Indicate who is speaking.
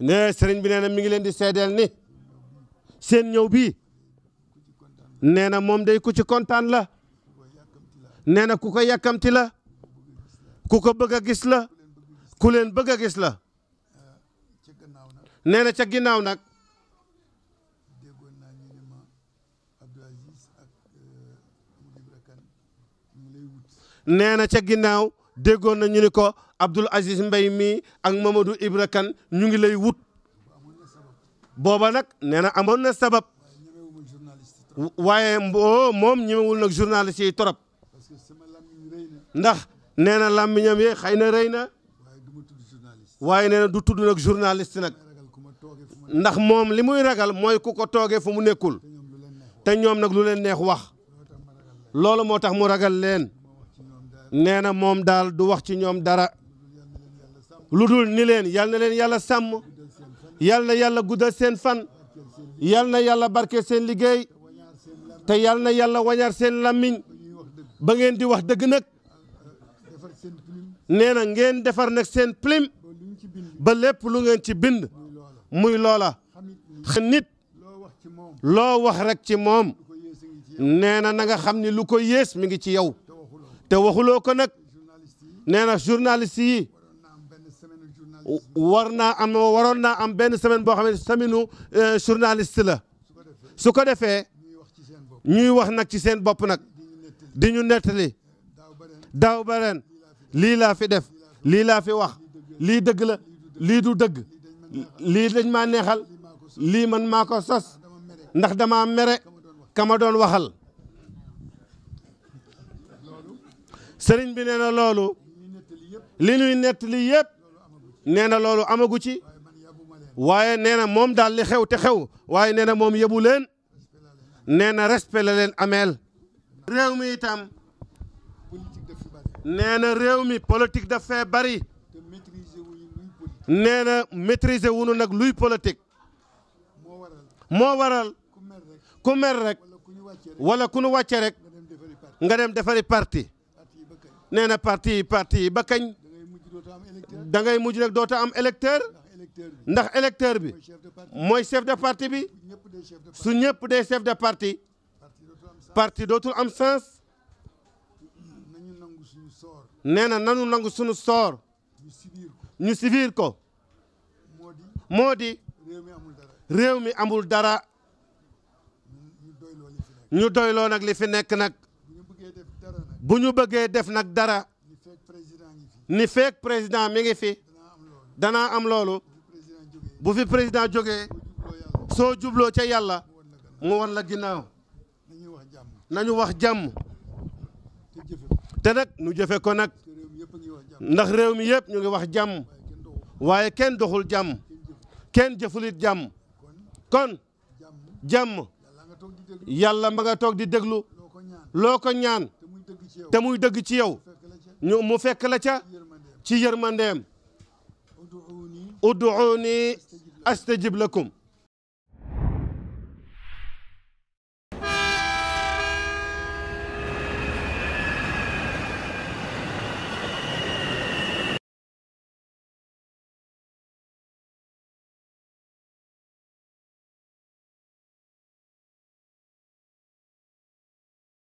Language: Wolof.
Speaker 1: ne sëriñ bi nee na mi ngi leen di seedeel ni seen ñëw bi nee na moom day ku ci kontaan la nee na ku ko yàkkamti la ku ko gis la ku leen bëgg a gis la nee na ca ginnaaw nag nee na ca ginnaaw déggoon na ñu ni ko Abdoul Aziz Mbaye mii ak Mamadou Ibra Kane ñu ngi lay wut booba nag nee na amoon na sabab waaye mboo oh, moom ñemewul nag journaliste yi torop ndax nee na làmmiñam yi xëy na rëy na waaye nee na du tudd nag journaliste nag ndax moom li muy ragal mooy ku ko toogee fu mu nekkul te ñoom nag lu leen neex wax loolu moo tax mu ragal leen nee na moom daal du wax ci ñoom dara lu dul ni leen yal na leen yàlla sàmm yal na yàlla guddal seen fan yal na yàlla barke seen liggéey te yal na yàlla wañar seen làmmiñ ba ngeen di wax dëgg nag nee na ngeen defar nag seen plume ba lépp lu ngeen ci bind muy loola nit loo wax rek ci moom nee na na xam ni lu ko yées mi ngi ci yow te waxuloo ko nag nee na journaliste yi war naa am waroon naa am benn semaine boo xam ne semaine euh, journaliste la su ko defee ñuy wax nag ci seen bopp nag di ñu nettali daaw ba ren lii laa fi def lii laa fi wax lii dëgg la lii du dëgg lii dañ maa neexal lii man maa ko sos ndax dama mere kama doon waxal sëriñ bi nee na loolu li ñuy nettali yëpp nee na loolu amagu ci waaye nee na moom daal li xew te xew waaye nee na moom yëbu leen nee na respect la leen ameel réew mi itam nee na réew mi politique daf fee bari nee na maîtriser wunu nag luy politique moo waral ku mer rek wala ku ñu wàcce rek nga dem defari parti nee na parti parti yi ba kañ dangay mujj rek doota am électeur ndax électeur bi mooy chef de parti bi su ñëpp dee chef de parti parti dootul am sens nee na nanu nangu suñu soor ñu sivir ko moo di réew mi amul dara ñu doyloo nag li fi nekk nag bu ñu bëggee def nag dara ni feek président mi ngi fi danaa am loolu bu fi président jógee soo jubloo ca yàlla mu wan la ginnaaw nañu wax jàmm te nag nu jëfe ko nag ndax réew mi yëpp ñu ngi wax jàmm waaye kenn doxul jàmm kenn jëfulit jàmm kon jàmm yàlla ma nga toog di déglu loo ñaan te muy dëgg ci yow ñu mu fekk la ca ci yërmandeem ud'uuni astajib lakum